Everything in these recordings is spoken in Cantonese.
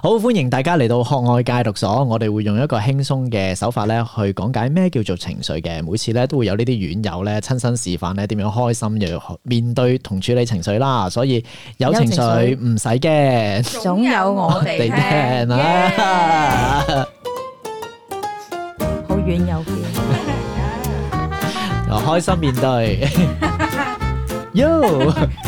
好歡迎大家嚟到渴愛戒毒所，我哋會用一個輕鬆嘅手法咧去講解咩叫做情緒嘅。每次咧都會有呢啲院友咧親身示範咧點樣開心又面對同處理情緒啦，所以有情緒唔使驚，總有我哋聽啦。好，院友嘅，開心面對，Yo。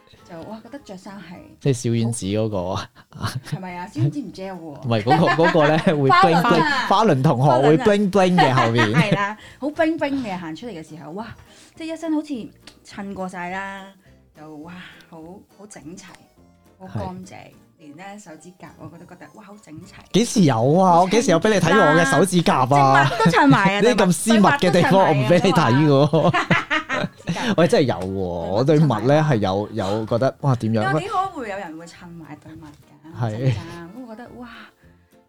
就哇！覺得着衫係即係小丸子嗰、那個啊，係咪啊？小丸子唔知喎，唔係嗰個嗰咧、那個、會 bling bling 花輪同學會 bling bling 嘅後面，係啦， 好 bling bling 嘅行出嚟嘅時候，哇！即係一身好似襯過晒啦，就哇好好整齊，好乾淨，連咧是手指甲我都覺得哇好整齊。幾時有啊？啊我幾時有俾你睇過我嘅手指甲啊？都襯埋啊！ 你咁私密嘅地方，八我唔俾你睇嘅。 喂，真係有喎、哦！嗯、我對襪咧係有有覺得，哇，點樣？點解會有人會襯埋對襪噶，係咁是，我覺得哇，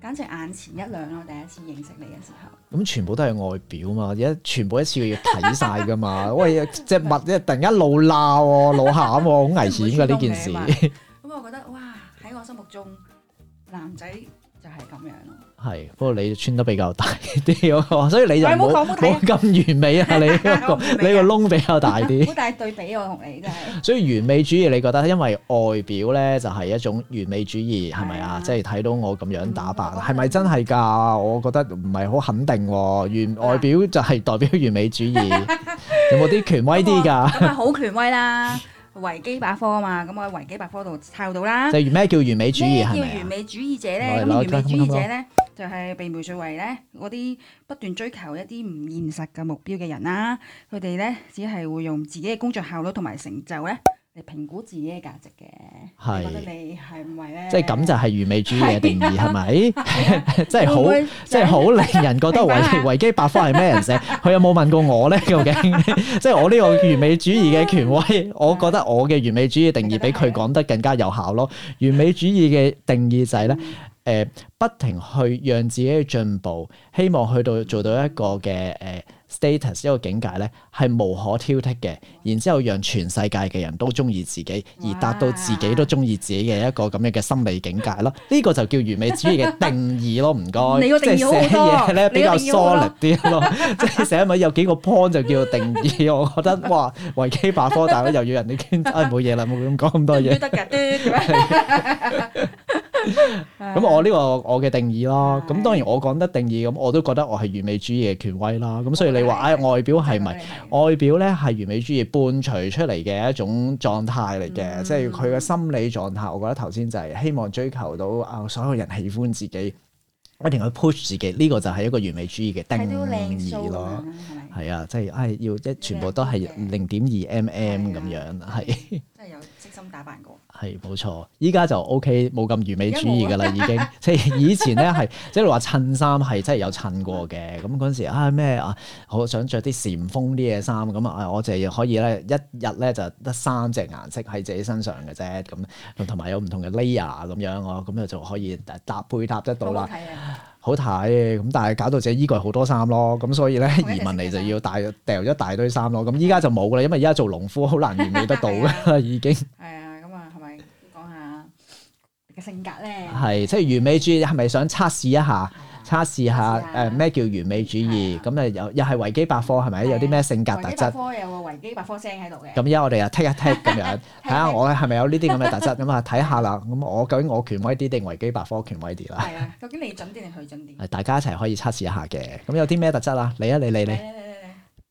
簡直眼前一亮咯！我第一次認識你嘅時候，咁全部都係外表嘛，而家全部一次要睇晒噶嘛， 喂，即係襪咧，突然一路鬧喎，一路喊好、啊、危險噶呢件事。咁我覺得哇，喺我心目中，男仔就係咁樣。係，不過你穿得比較大啲咯，所以你就冇冇咁完美啊！你你個窿比較大啲，好大對比我同你嘅。所以完美主義，你覺得因為外表咧就係一種完美主義，係咪啊？即係睇到我咁樣打扮，係咪真係㗎？我覺得唔係好肯定。完外表就係代表完美主義，有冇啲權威啲㗎？咁啊，好權威啦！維基百科啊嘛，咁我喺維基百科度抄到啦。即係咩叫完美主義係咪？完美主義者咧，咁完美主義者咧。就係被描述為咧嗰啲不斷追求一啲唔現實嘅目標嘅人啦，佢哋咧只係會用自己嘅工作效率同埋成就咧嚟評估自己嘅價值嘅。係你係唔係咧？即係咁就係完美主義嘅定義，係咪？即係好即係好令人覺得維維基百科係咩人寫？佢有冇問過我咧？究竟即係我呢個完美主義嘅權威？我覺得我嘅完美主義定義比佢講得更加有效咯。完美主義嘅定義就係咧。誒、呃，不停去讓自己去進步，希望去到做到一個嘅誒。呃 status 一個境界咧係無可挑剔嘅，然之後讓全世界嘅人都中意自己，而達到自己都中意自己嘅一個咁樣嘅心理境界咯。呢、這個就叫完美主義嘅定義咯，唔該，你即係寫嘢咧比較 solid 啲咯， 即係寫咪有幾個 point 就叫做定義。我覺得哇，維基百科大佬又要人哋傾，唉冇嘢啦，冇咁講咁多嘢。得咁 我呢、這個我嘅定義咯。咁當然我講得定義，咁我都覺得我係完美主義嘅權威啦。咁所以你。話唉的外表係咪，的外表咧係完美主義伴隨出嚟嘅一種狀態嚟嘅，嗯、即係佢嘅心理狀態。嗯、我覺得頭先就係希望追求到啊、哦，所有人喜歡自己，一定要去 push 自己。呢、這個就係一個完美主義嘅定義咯。係啊，即係係要一全部都係零點二 mm 咁的的樣係。的 打扮過係冇錯，依家就 O K 冇咁完美主義㗎啦，已經即係以前咧係 即係話襯衫係真係有襯過嘅，咁嗰陣時啊咩啊，好想着啲禪風啲嘅衫咁啊，我就係可以咧一日咧就得三隻顏色喺自己身上嘅啫，咁同埋有唔同嘅 layer 咁樣哦，咁就可以搭配搭得到啦，好睇咁、啊，但係搞到自己衣櫃好多衫咯，咁所以咧一移民嚟就要大掉一大堆衫咯，咁依家就冇啦，因為依家做農夫好難完美得到㗎已經。 性格咧，係即係完美主義，係咪想測試一下？測試下誒咩叫完美主義？咁誒又又係維基百科係咪？有啲咩性格特質？維基百科有個維基百科聲喺度嘅。咁而家我哋啊踢一踢咁樣，睇下我係咪有呢啲咁嘅特質？咁啊睇下啦。咁我究竟我權威啲定維基百科權威啲啦？係啊，究竟你準啲定佢準啲？係大家一齊可以測試一下嘅。咁有啲咩特質啦？嚟啊，你你你。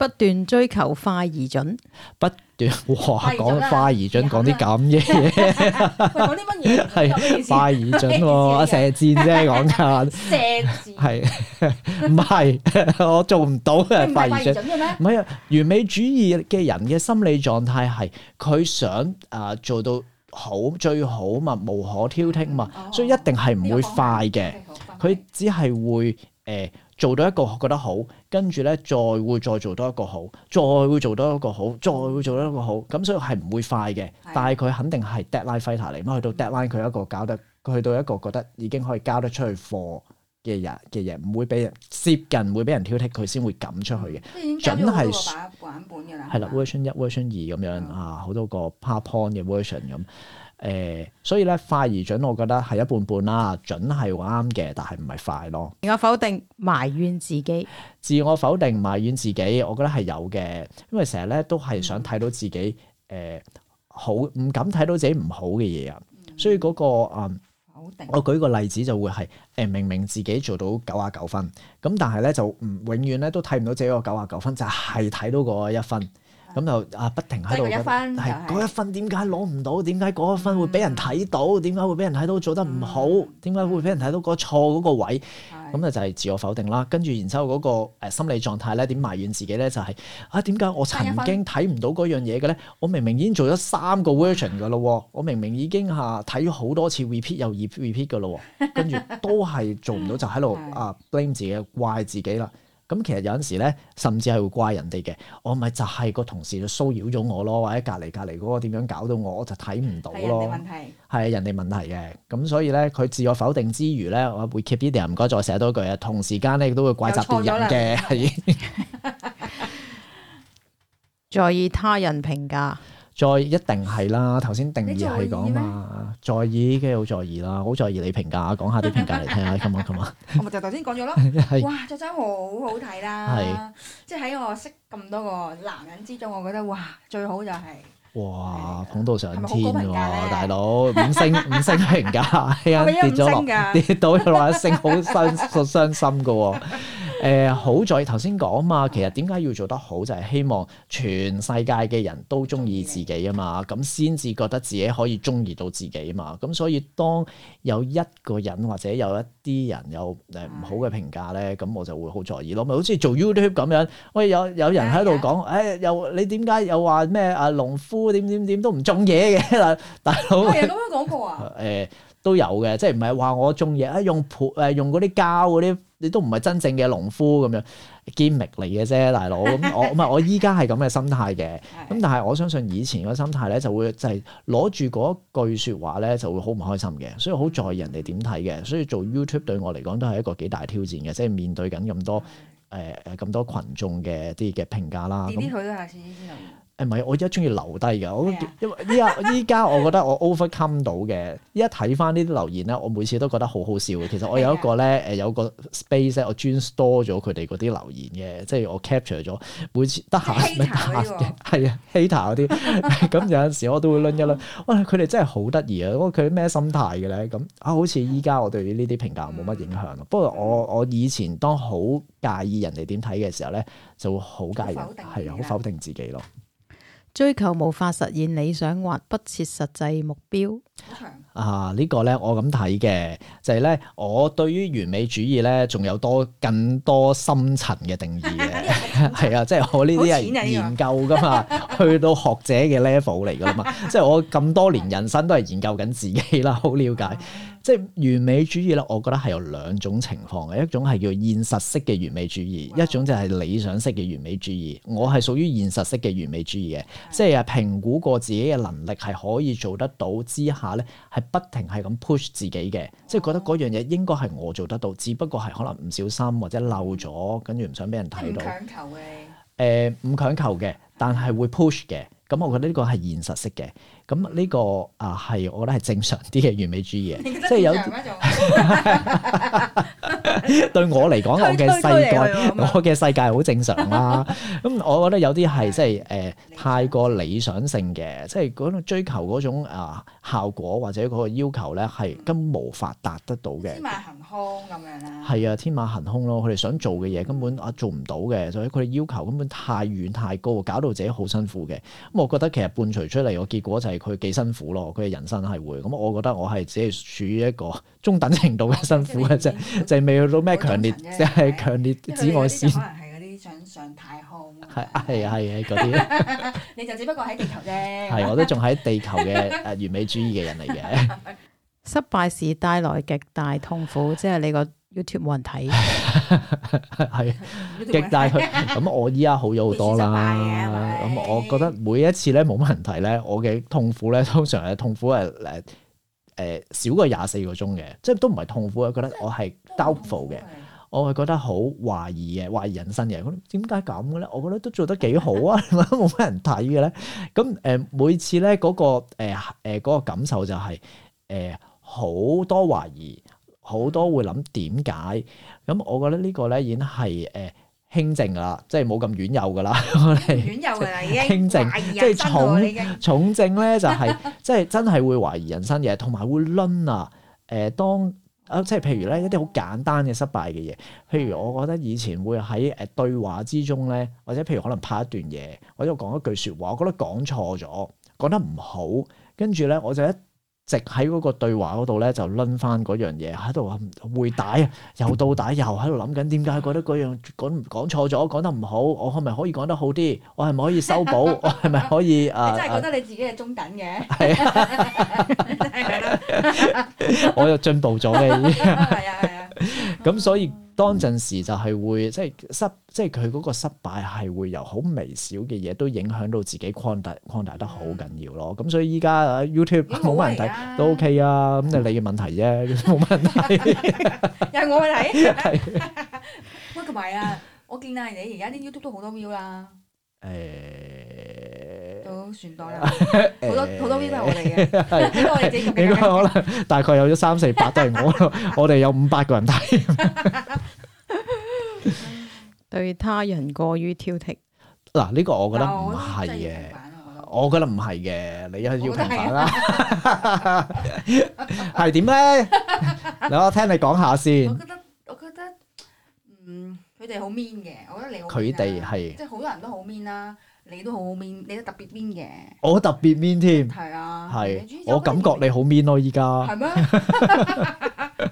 不斷追求快而準，不斷哇講快而準，講啲咁嘅嘢，講啲乜嘢？係快而準喎，射箭啫講緊，射箭係唔係？我做唔到嘅快而準咩？唔係啊，完美主義嘅人嘅心理狀態係佢想啊做到好最好嘛，無可挑剔嘛，所以一定係唔會快嘅，佢只係會誒。做到一個覺得好，跟住咧再會再做多一個好，再會做多一個好，再會做多一個好，咁所以係唔會快嘅。的但係佢肯定係 deadline fighter 嚟，咁去到 deadline 佢一個搞得，嗯、去到一個覺得已經可以交得出去貨嘅人嘅嘢，唔會俾人接近，會俾人挑剔，佢先會敢出去嘅。版本準係係啦，version 一 version 二咁樣、嗯、啊，好多個 PowerPoint 嘅 version 咁。誒、呃，所以咧快而準，我覺得係一半半啦。準係啱嘅，但係唔係快咯。自我否定埋怨自己，自我否定埋怨自己，我覺得係有嘅，因為成日咧都係想睇到自己誒、呃、好，唔敢睇到自己唔好嘅嘢啊。嗯、所以嗰、那個啊，呃、否定我舉個例子就會係誒、呃，明明自己做到九啊九分，咁但係咧就唔永遠咧都睇唔到自己個九啊九分，就係、是、睇到個一分。咁就啊，不停喺度，係嗰一分點解攞唔到？點解嗰一分會俾人睇到？點解、嗯、會俾人睇到做得唔好？點解、嗯、會俾人睇到嗰錯嗰個位？咁啊、嗯、就係自我否定啦。跟住然之後嗰個誒心理狀態咧，點埋怨自己咧，就係、是、啊點解我曾經睇唔到嗰樣嘢嘅咧？我明明已經做咗三個 version 嘅咯，嗯、我明明已經嚇睇咗好多次 repeat 又 repeat 嘅咯，跟住、嗯、都係做唔到，嗯、就喺度啊 blame 自己，怪自己啦。咁其實有陣時咧，甚至係會怪人哋嘅，我、哦、咪就係、是、個同事就騷擾咗我咯，或者隔離隔離嗰個點樣搞到我，我就睇唔到咯。係人哋問題，係人哋問題嘅。咁所以咧，佢自我否定之餘咧，我會 keep 啲又唔該再寫多句啊。同時間咧，亦都會怪責別人嘅，係在意他人評價。再一定係啦，頭先定義係講嘛，在意嘅好在意啦，好在意你評價，講下啲評價嚟聽，係啊，咁啊，咁啊，我咪就頭先講咗咯。哇，著衫好好睇啦，即係喺我識咁多個男人之中，我覺得哇，最好就係哇，捧到上天喎，大佬，五星五星評價，一跌咗落跌到落一星，好傷好傷心噶喎。誒、呃、好在頭先講嘛，其實點解要做得好就係、是、希望全世界嘅人都中意自己啊嘛，咁先至覺得自己可以中意到自己啊嘛。咁、嗯、所以當有一個人或者有一啲人有誒唔好嘅評價咧，咁的我就會好在意咯。咪好似做 YouTube 咁樣，喂有有人喺度講，誒的、哎、又你點解又話咩啊農夫點點點都唔種嘢嘅啦，大佬係咁樣講過啊？誒、呃、都有嘅，即係唔係話我種嘢啊？用盆誒用嗰啲膠嗰啲。你都唔係真正嘅農夫咁樣 gimmick 嚟嘅啫，大佬。咁我唔係我依家係咁嘅心態嘅，咁 但係我相信以前個心態咧就會就係攞住嗰句説話咧就會好唔開心嘅，所以好在意人哋點睇嘅，所以做 YouTube 對我嚟講都係一個幾大挑戰嘅，即係面對緊咁多誒誒咁多群眾嘅啲嘅評價啦。咁佢都係係咪？我而家中意留低㗎，我是的 因為依家依家，我覺得我 overcome 到嘅。依家睇翻呢啲留言咧，我每次都覺得好好笑嘅。其實我有一個咧，誒的、呃、有個 space 咧，我專 store 咗佢哋嗰啲留言嘅，即係我 capture 咗每次得閒咪打嘅，係啊，Hater 嗰啲。咁有陣 時我都會拎一拎，喂， 佢哋真係好得意啊！我佢咩心態嘅咧？咁啊，好似依家我對呢啲評價冇乜影響。嗯、不過我我以前當好介，介意人哋點睇嘅時候咧，就會好介意，係啊，好否定自己咯。追求無法實現理想或不切實際目標。啊，呢、呢個呢，我咁睇嘅就係呢，我對於完美主義呢，仲有多更多深層嘅定義嘅。 係 啊，即係我呢啲係研究噶嘛， 去到學者嘅 level 嚟噶啦嘛。 即係我咁多年人生都係研究緊自己啦，好了解。嗯、即係完美主義咧，我覺得係有兩種情況嘅，一種係叫現實式嘅完美主義，哇一種就係理想式嘅完美主義。我係屬於現實式嘅完美主義嘅，嗯、即係評估過自己嘅能力係可以做得到之下咧，係不停係咁 push 自己嘅，嗯、即係覺得嗰樣嘢應該係我做得到，只不過係可能唔小心或者漏咗，跟住唔想俾人睇到。 誒唔強求嘅，但係會 push 嘅，咁、嗯、我覺得呢個係現實式嘅。咁呢、這個啊係我覺得係正常啲嘅完美主義嘅，啊、即係有 對我嚟講，推我嘅世界我嘅世界好正常啦、啊。咁、 嗯、我覺得有啲係即係誒、呃、想太過理想性嘅，即係嗰種追求嗰種啊、呃、效果或者嗰個要求咧係根本無法達得到嘅。天馬行空咁樣啦，係啊，天馬行空咯，佢哋想做嘅嘢根本啊做唔到嘅，所以佢哋要求根本太遠太高，搞到自己好辛苦嘅。咁我覺得其實伴隨出嚟個結果就係。佢幾辛苦咯，佢嘅人生係會咁，我覺得我係只係處於一個 中等程度嘅辛苦嘅啫， 就係未去到咩強烈，即係強烈紫外線。可能係嗰啲想上太空。係啊， 係啊，係嗰啲。 你就只不過喺地球啫。係， 我都仲喺地球嘅誒完美主義嘅人嚟嘅。 失敗時帶來極大痛苦，即係你個。YouTube 冇人睇，係極大佢。咁我依家好咗好多啦。咁我覺得每一次咧冇乜人睇咧，我嘅痛苦咧通常係痛苦係誒誒少過廿四個鐘嘅，即係都唔係痛苦。覺得我係 doubtful 嘅，我係覺得好懷疑嘅，懷疑人生嘅。咁點解咁嘅咧？我覺得都做得幾好啊，點解冇乜人睇嘅咧？咁誒，每次咧嗰個誒誒嗰個感受就係誒好多懷疑。好多會諗點解咁？我覺得呢個咧已經係誒輕症啦，即係冇咁軟弱噶啦，軟弱噶啦已經輕症，即係重重症咧就係即係真係會懷疑人生嘅，同埋會掄啊誒、呃，當啊即係譬如咧一啲好簡單嘅失敗嘅嘢，譬如我覺得以前會喺誒對話之中咧，或者譬如可能拍一段嘢，或者我講一句說話，我覺得講錯咗，講得唔好，跟住咧我就一直喺嗰個對話嗰度咧，就拎翻嗰樣嘢喺度啊，回帶啊，又到帶又喺度諗緊點解覺得嗰樣講講錯咗，講得唔好，我係咪可以講得好啲？我係咪可以修補？我係咪可以啊？真係覺得你自己係中等嘅。係啊，係咯。我又進步咗嘅。係啊係啊。咁所以。當陣時就係會即係失，即係佢嗰個失敗係會由好微小嘅嘢都影響到自己擴大，擴大得好緊要咯。咁所以依家 YouTube 冇乜人睇都 OK 啊，咁就你嘅問題啫，冇問題。又係我去睇？喂，同埋啊，我見到你，而家啲 YouTube 都好多 view 啦，誒，都算多啦，好多好多 view 都係我嚟嘅，應該可能大概有咗三四百都係我，我哋有五百個人睇。對他人過於挑剔嗱，呢個我覺得唔係嘅，我覺，我覺得唔係嘅，你一要平反啦、啊啊， 係點咧？你我聽你講下先。我覺得，我覺得，嗯，佢哋好 mean 嘅，我覺得你佢哋係，即係好多人都好 mean 啦、啊，你都好好 mean，你都特別 mean 嘅，我特別 mean 添，係啊，係、啊，啊哎、我，我感覺你好 mean 咯，依家係咩？是嗎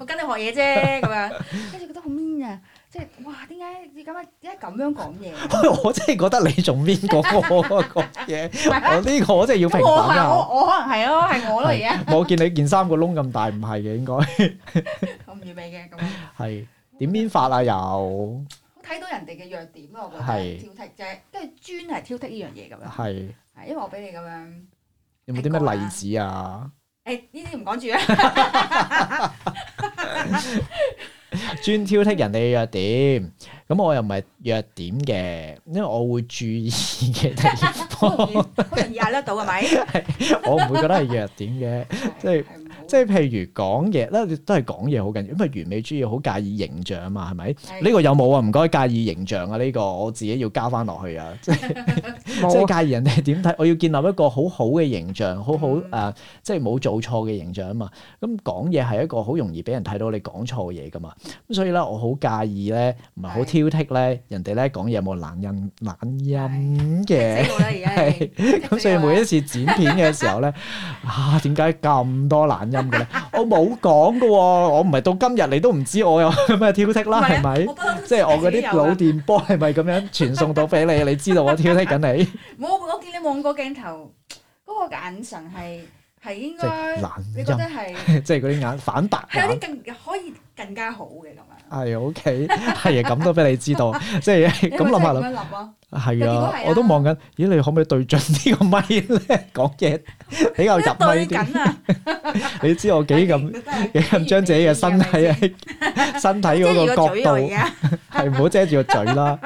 我跟你學嘢啫，咁樣，跟住覺得好 mean 啊！ 即係哇，點解點解？點解咁樣講嘢？我真係覺得你仲邊講過個嘢？我呢個我真係要平反。我我，可能係咯，係我而家，我見你件衫個窿咁大，唔係嘅應該。我唔完美嘅咁。係點編法啊？又睇到人哋嘅弱點咯，我覺得係挑剔啫，跟住專係挑剔呢樣嘢咁樣。係係因為我俾你咁樣。有冇啲咩例子啊？誒呢啲唔講住啊！專挑剔人哋嘅弱點，咁我又唔係弱點嘅，因為我會注意嘅地方，壓 得到係咪， 我唔會覺得係弱點嘅，即係。即係譬如講嘢咧，都係講嘢好緊要，因為完美主義好介意形象啊嘛，係咪？呢的個有冇啊？唔該，介意形象啊？呢、呢個我自己要加翻落去啊， 即係即係介意人哋點睇，我要建立一個好好嘅形象，好好誒，即係冇做錯嘅形象啊嘛。咁講嘢係一個好容易俾人睇到你講錯嘢噶嘛。咁所以咧，我好介意咧，唔係好挑剔咧，的人哋咧講嘢有冇懶,懶音懶音嘅，係咁 所以每一次剪片嘅時候咧， 啊點解咁多難？懶音嘅咧，我冇講嘅喎，我唔係到今日你都唔知我有咩挑剔啦，係咪？即係我嗰啲腦電波係咪咁樣傳送到俾你？你知道我挑剔緊你。冇，我見你望個鏡頭，嗰個眼神係係應該，你覺得係即係嗰啲眼反白，有啲更可以更加好嘅咁樣。係 OK，係啊，咁都俾你知道，即係咁諗下諗。係啊，我都望緊。咦，你可唔可以對準呢個咪咧講嘢，比較入咪啲？你知我幾咁幾咁將自己嘅身體喺身體嗰個角度係唔好遮住個嘴啦。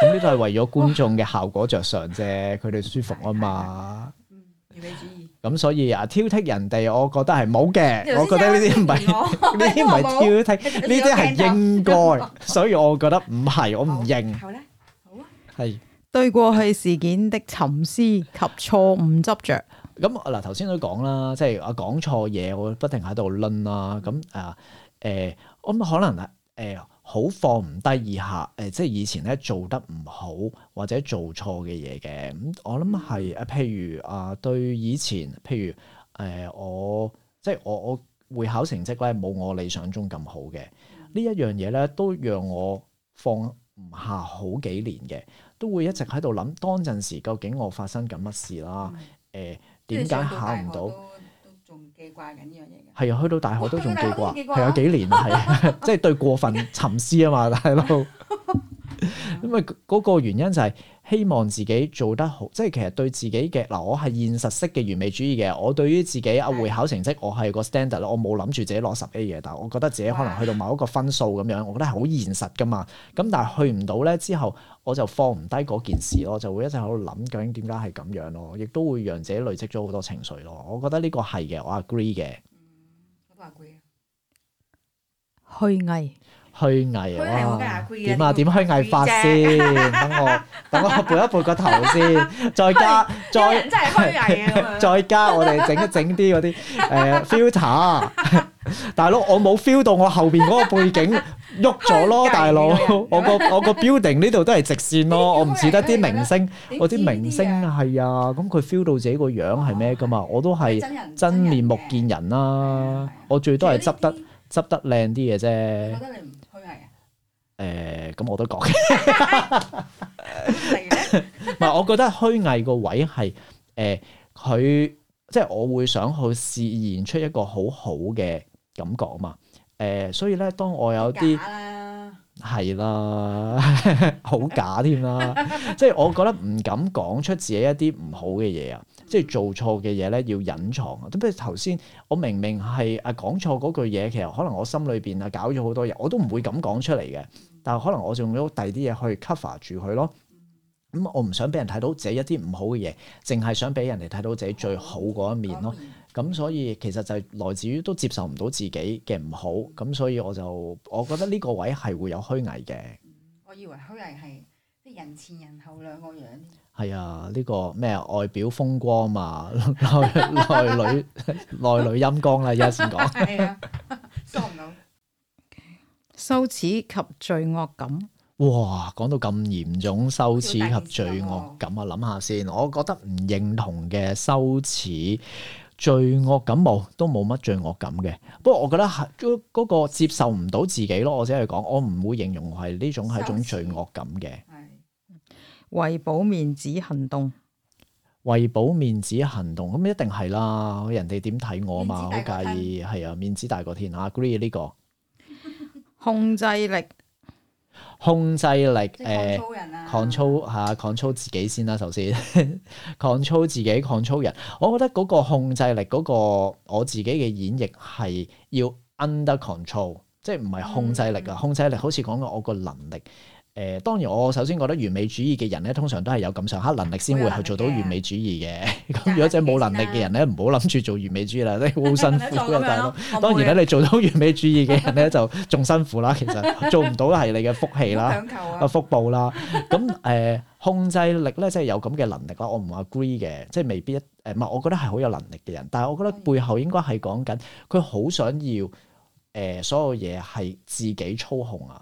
咁呢度係為咗觀眾嘅效果着想啫，佢哋舒服啊嘛。完美主義。咁所以啊，挑剔人哋，我覺得係冇嘅。我覺得呢啲唔係呢啲唔係挑剔，呢啲係應該。所以我覺得唔係，我唔認。好咧。係對過去事件的沉思及錯誤執着。咁嗱，頭先都講啦，即係我講錯嘢，我不停喺度拎啦。咁啊，誒、呃，我諗可能啊，誒、呃，好放唔低以下，誒、呃，即係以前咧做得唔好或者做錯嘅嘢嘅。咁我諗係啊，譬如啊，對以前，譬如誒、呃，我即係我我會考成績咧，冇我理想中咁好嘅，呢一樣嘢咧，都讓我放唔下好幾年嘅。都會一直喺度諗當陣時究竟我發生緊乜事啦？誒，點解考唔到都記？係去到大學都仲記掛緊呢樣嘢嘅。啊哇，去到大學都仲記掛，係哇有幾年啦，係即係對過分沉思啊嘛，大佬。咁，因為嗰個原因就係、是。希望自己做得好，即係其實對自己嘅，嗱，我係現實式嘅完美主義嘅。我對於自己啊會考成績，我係個 standard 咯，我冇諗住自己攞十 A 嘅，但係我覺得自己可能去到某一個分數咁樣，我覺得係好現實噶嘛。咁但係去唔到咧，之後，我就放唔低嗰件事咯，就會一直喺度諗究竟點解係咁樣咯，亦都會讓自己累積咗好多情緒咯。我覺得呢個係嘅，我 agree 嘅。虛偽、嗯。虛偽啊！點啊？點虛偽法先？等我等我撥一撥個頭先，再加再真係虛偽再加我哋整一整啲嗰啲誒 filter。大佬，我冇 feel 到我後邊嗰個背景喐咗咯，大佬，我個我個 building 呢度都係直線咯，我唔似得啲明星，我啲明星係啊，咁佢 feel 到自己個樣係咩㗎嘛？我都係真面目見人啦，我最多係執得執得靚啲嘅啫。誒，咁、呃、我都講嘅，唔係，我覺得虛偽個位係誒，佢、呃、即係我會想去試現出一個好好嘅感覺啊嘛，誒、呃，所以咧，當我有啲係啦，好假添啦， 啊、 即係我覺得唔敢講出自己一啲唔好嘅嘢啊， 即係做錯嘅嘢咧要隱藏啊，咁譬如頭先，我明明係誒講錯嗰句嘢，其實可能我心裏邊啊搞咗好多嘢，我都唔會咁講出嚟嘅。但可能我仲有第二啲嘢去 cover 住佢咯，咁、嗯嗯、我唔想俾人睇到自己一啲唔好嘅嘢，淨係想俾人哋睇到自己最好嗰一面咯。咁、嗯、所以其實就係來自於都接受唔到自己嘅唔好，咁所以我就我覺得呢個位係會有虛偽嘅、嗯。我以為虛偽係即人前人後兩個樣。係啊，呢、這個個咩外表風光嘛， 內內裏 內裏陰功啦，而家先講。 羞恥及罪惡感，哇！講到咁嚴重，羞恥及罪惡感啊！諗下先，我覺得唔認同嘅羞恥、罪惡感冇，都冇乜罪惡感嘅。不過我覺得係嗰嗰個接受唔到自己咯，我只係講，我唔會形容係呢種係一種罪惡感嘅。係為保面子行動，為保面子行動咁、嗯、一定係啦。人哋點睇我嘛？好介意係啊，面子大過天，agree 呢、呢個。控制力，控制力，呃，control 下，control 自己先啦，首先，control 自己，control 人。我覺得嗰個控制力，嗰、嗰個我自己嘅演繹係要 under control，即係唔係控制力啊？嗯、控制力好似講緊我個能力。誒、呃，當然我首先覺得完美主義嘅人咧，通常都係有咁上下能力先會去做到完美主義嘅。咁然 如果只冇能力嘅人咧，唔好諗住做完美主義啦，你好 辛苦嘅大佬。當然咧，你做到完美主義嘅人咧， 就仲辛苦啦。其實做唔到係你嘅福氣啦，福報啦。咁誒、啊，控制力咧即係有咁嘅能力啦。我唔話 agree 嘅，即係未必一誒，唔係我覺得係好有能力嘅人。但係我覺得背後應該係講緊佢好想要，誒、呃，所有嘢係自己操控啊。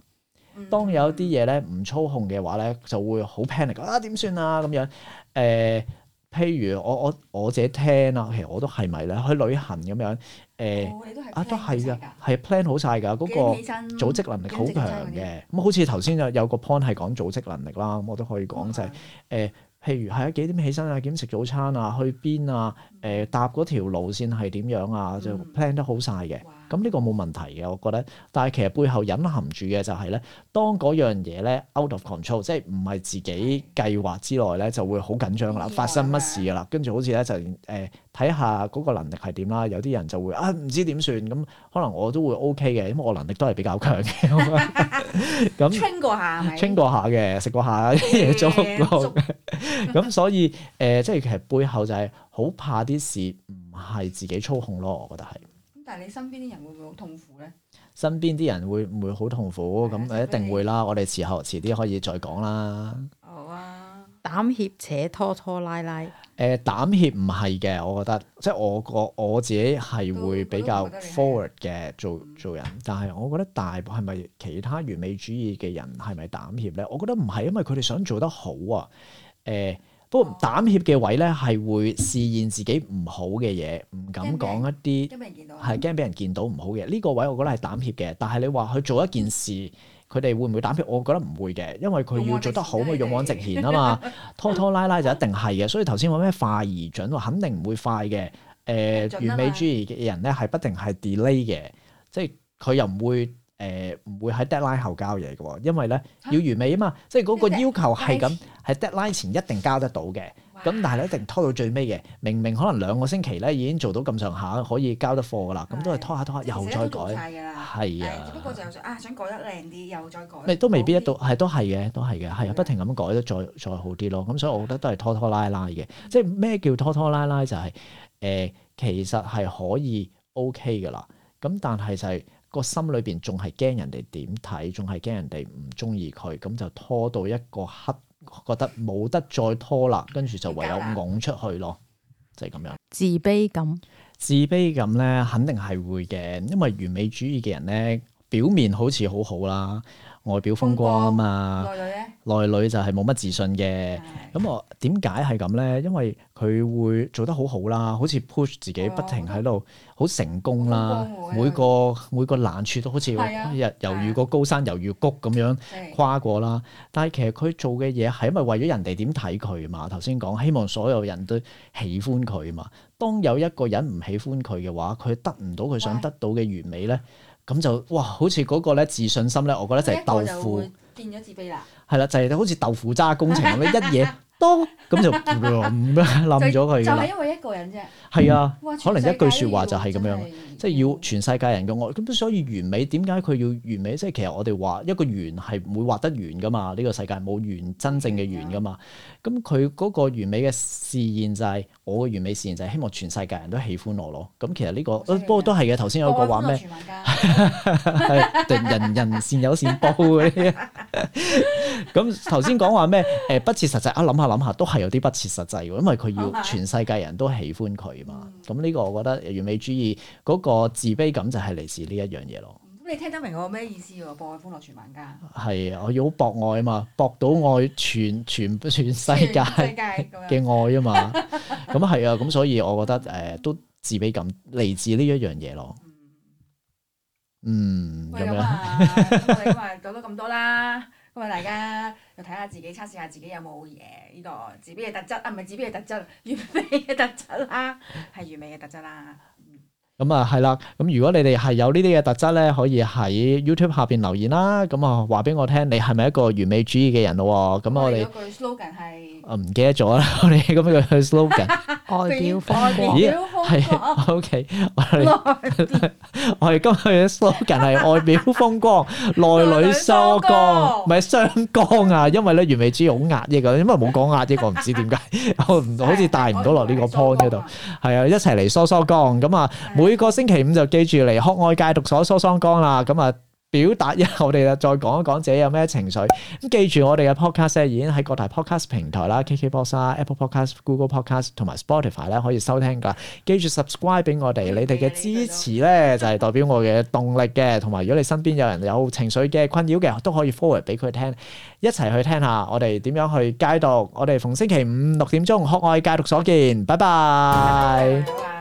嗯、當有啲嘢咧唔操控嘅話咧，就會好 panic 啊！點算啊？咁樣誒、呃，譬如我我我自己聽啊，其實我都係咪咧？去旅行咁樣誒啊，都係噶，係 plan、啊、好晒噶。嗰、嗰個組織能力強好強嘅。咁好似頭先有個 point 係講組織能力啦，咁我都可以講就係、是、誒、嗯呃，譬如係啊幾點起身啊？幾點食早餐啊？去邊啊？誒、呃、搭嗰條路線係點樣啊？就 plan 得好晒嘅。嗯咁呢個冇問題嘅，我覺得。但係其實背後隱含住嘅就係咧，當嗰樣嘢咧 out of control，即係唔係自己計劃之內咧，就會好緊張啦。發生乜事啦？跟住好似咧就誒睇下嗰個能力係點啦。有啲人就會啊唔知點算咁，可能我都會 OK 嘅，因為我能力都係比較強嘅。咁，清過下清過下嘅，食過下啲嘢，做過。咁所以誒，即係其實背後就係好怕啲事唔係自己操控咯，我覺得係。但你身邊啲人會唔會好痛苦咧？身邊啲人會唔會好痛苦？咁誒、啊、一定會啦。啊、我哋遲後遲啲可以再講啦。好、哦、啊。膽怯且拖拖拉拉。誒、呃，膽怯唔係嘅，我覺得即係我個我自己係會比較 forward 嘅做做人，但係我覺得大部係咪其他完美主義嘅人係咪膽怯咧？我覺得唔係，因為佢哋想做得好啊。誒、呃。不過膽怯嘅位咧，係會試驗自己唔好嘅嘢，唔敢講一啲，係驚俾人見到唔好嘅。呢個位我覺得係膽怯嘅，但係你話去做一件事，佢哋會唔會膽怯？我覺得唔會嘅，因為佢要做得好嘛，勇往直前啊嘛， 拖拖拉拉就一定係嘅。所以頭先話咩快而準，肯定唔會快嘅。誒、呃、完美主義嘅人咧，係不停係 delay 嘅，即係佢又唔會。誒唔會喺 deadline 後交嘢嘅喎，因為咧要完美啊嘛，即係嗰個要求係咁，喺 deadline 前一定交得到嘅。咁但係一定拖到最尾嘅，明明可能兩個星期咧已經做到咁上下，可以交得貨嘅啦。咁都係拖下拖下又再改，係啊，不過就啊想改得靚啲，又再改。都未必一度係都係嘅，都係嘅，係不停咁改得再再好啲咯。咁所以我覺得都係拖拖拉拉嘅，即係咩叫拖拖拉拉就係誒，其實係可以 OK 嘅啦。咁但係就係。個心裏邊仲係驚人哋點睇，仲係驚人哋唔中意佢，咁就拖到一個刻，覺得冇得再拖啦，跟住就唯有㧬出去咯，就係咁樣。自卑感，自卑感咧，肯定係會嘅，因為完美主義嘅人咧，表面好似好好啦。外表風光啊嘛，內裏咧？內裏就係冇乜自信嘅。咁的我點解係咁咧？因為佢會做得好好啦，好似 push 自己的不停喺度，嗯、好成功啦。每個的每個難處都好似日猶如個高山猶如谷咁樣跨過啦。的但係其實佢做嘅嘢係因為為咗人哋點睇佢嘛。頭先講希望所有人都喜歡佢嘛。當有一個人唔喜歡佢嘅話，佢得唔到佢想得到嘅完美咧？的咁就哇，好似嗰個咧，自信心咧，我覺得就係豆腐變咗自卑啦。係啦，就係、是、好似豆腐渣工程咁樣一嘢。 多咁就冧咗佢㗎啦！就係因為一個人啫。係啊，可能一句説話就係咁樣，即係要全世界人嘅愛。咁所以完美，點解佢要完美？即係其實我哋畫一個圓係唔會畫得圓噶嘛。呢個世界冇圓，真正嘅圓噶嘛。咁佢嗰個完美嘅試驗就係，我嘅完美試驗就係希望全世界人都喜歡我咯。咁其實呢個不過都係嘅。頭先有個話咩？人人善有善報嗰啲。咁頭先講話咩？誒不切實際啊！諗下。諗下都係有啲不切實際嘅，因為佢要全世界人都喜歡佢嘛。咁呢、嗯、個我覺得完美主義嗰、那個自卑感就係嚟自呢一樣嘢咯。咁、嗯、你聽得明我咩意思？博愛歡樂傳萬家。係啊，我要好博愛嘛，博到愛全全全世界嘅愛啊嘛。咁啊，係啊，咁所以我覺得誒、呃、都自卑感嚟自呢一樣嘢咯。嗯，咁啊，咁我哋今日講到咁多啦。 咁啊，大家就睇下自己，測試下自己有冇嘢？呢個自卑嘅特質啊，唔係自卑嘅特質，完美嘅特質啦，係完美嘅特質啦。咁啊，係、嗯、啦。咁如果你哋係有呢啲嘅特質咧，可以喺 YouTube 下邊留言啦。咁啊，話俾我聽，你係咪一個完美主義嘅人咯？喎，咁我哋。嗰我唔記得咗啦，我哋今日嘅 slogan，外表風光，係，OK，我哋我哋今日嘅 slogan 係外表風光，內裏梳光，唔係雙光啊，因為咧完美主義好壓抑啊，因為冇講壓抑，我唔知點解，好似帶唔到落呢個 point 嗰度，係啊，一齊嚟梳梳光，咁啊，每個星期五就記住嚟渴愛戒毒所梳梳光啦，咁啊。表達，然後我哋又再講一講，自己有咩情緒？咁記住，我哋嘅 podcast 已經喺各大 podcast 平台啦，KKbox、Apple Podcast、Google Podcast 同埋 Spotify 咧可以收聽噶。記住 subscribe 俾我哋，你哋嘅支持咧就係代表我嘅動力嘅。同埋，如果你身邊有人有情緒嘅困擾嘅，都可以 forward 俾佢聽，一齊去聽下我哋點樣去戒毒。我哋逢星期五六點鐘《渴愛戒毒所見》，拜拜。